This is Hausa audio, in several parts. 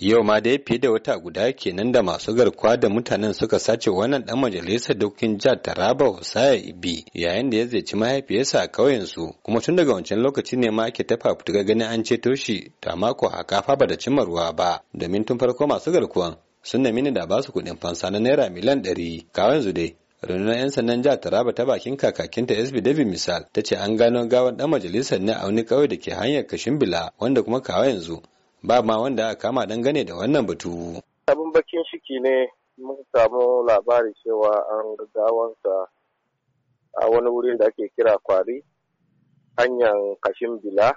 yau ma dai fiye da wata guda kenan da masu garkuwa da mutanen suka sace wannan dan majalisar dokin jihar Taraba Hosaya Ibi yayin da ya ziyarci mahaifiyarsa a kauyen su kuma tun daga wancan lokaci ne ma ake tafa fituga ganin an ceto shi ta mako a kafa ba da cimma ruwa ba domin tun farko masu garkuwan sun nemi ne da ba su kuɗin fansa na naira miliyan ɗari kawai yanzu dai rundunar 'yan sandan jihar taraba ta bakin kakakinta sb david misal ta ce an gano gawar ɗan majalisar ne a wani kauye da ke hanyar kashin bila, wanda kuma kawa yanzu ba ma wanda aka kama dangane da wannan batu. Abin bakin shiki ne muka samu labari cewa an gaggawansa a wani wurin da ake kira kwari hanyar kashin bila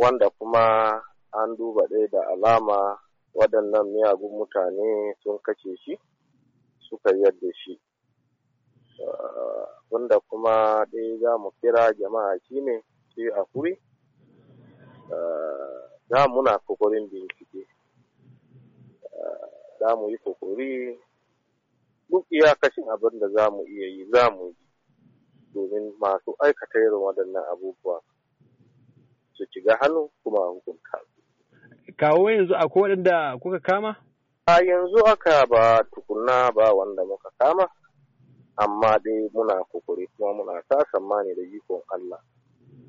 wanda kuma an duba ɗaya da alama waɗannan miyagun mutane sun kashe shi suka yadda shi. Wanda kuma ɗaya za mu kira jama'a shi ne shi a kuri. da eh, muna kokarin bincike eh, za mu yi ƙoƙari. duk iyakacin abin da za mu iya yi za mu yi domin masu aikata irin waɗannan abubuwa su shiga hannu kuma hukunta kawo yanzu akwai waɗanda kuka kama? a yanzu aka ba tukunna ba wanda muka kama amma dai muna ƙoƙari kuma muna sa tsammani da ikon Allah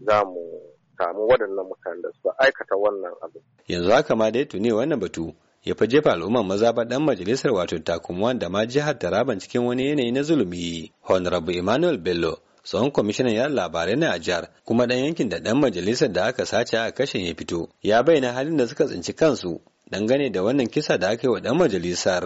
za mu samu waɗannan mutanen da suka aikata wannan abu. Yanzu haka ma dai tuni wannan batu ya fi jefa al'ummar maza ba dan majalisar wato takumwan da ma jihar Taraban cikin wani yanayi na zulumi. Honorable Emmanuel Bello tsohon kwamishinan yan labarai na a kuma ɗan yankin da ɗan majalisar da aka sace a kashin ya fito ya bayyana halin da suka tsinci kansu dangane da wannan kisa da aka yi wa dan majalisar.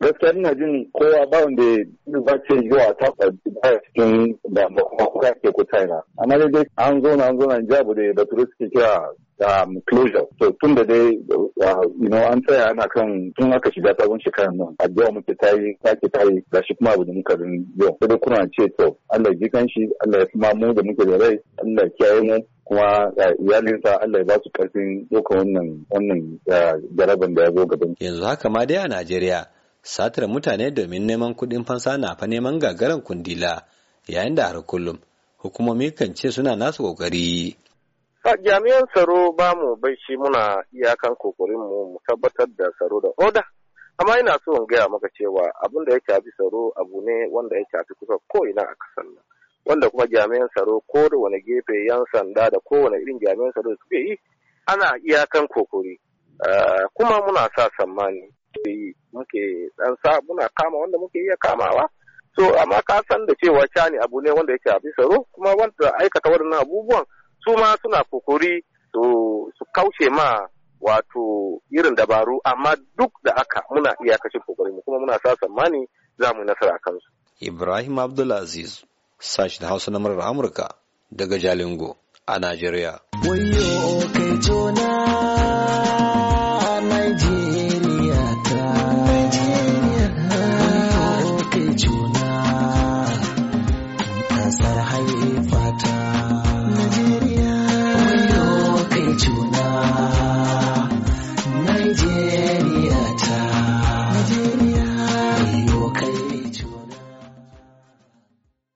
Gaskiya ina jin kowa ba wanda ya bace zuwa ta ba cikin da kuma kuka ke ku China. Amma dai an zo na an zo na jabu da bature suke kira da um, closure. To tun da dai uh, you know an tsaya ana kan tun aka shiga sabon shekarar nan addu'a muke ta yi ke ta yi shi kuma abu da muka rin yau. Sai dai kuna ce to Allah ji kanshi shi Allah ya fi mu da muke da rai Allah ya kiyaye mu kuma iyalinsa Allah ya ba su karfin ɗauka wannan wannan jaraban da ya zo gaban. Yanzu haka ma dai a Najeriya satar mutane domin neman kuɗin fansa na fa neman gagaran kundila yayin da har kullum hukumomi kan ce suna nasu kokari. Jami'an tsaro ba mu bai shi muna iyakan kokarin mu mu tabbatar da tsaro da oda. Amma ina so in gaya maka cewa abin da ya shafi tsaro abu ne wanda ya shafi kusa ko ina a kasar nan. wanda kuma jami'an tsaro ko da wani gefe yan sanda da kowane irin jami'an tsaro suke yi ana iyakan kokori ah, kuma muna sa tsammani muke dan sa muna kama wanda muke iya kamawa so amma ka san da cewa ne abu ne wanda yake abin tsaro kuma wanda aikata waɗannan abubuwan su ma suna kokori su kaushe ma wato irin dabaru amma duk da aka muna iyakacin kokarin kuma muna sa tsammani za mu nasara kansu. Ibrahim Abdulaziz Sashi da Hausa na murar Amurka daga Jalingo a Najeriya.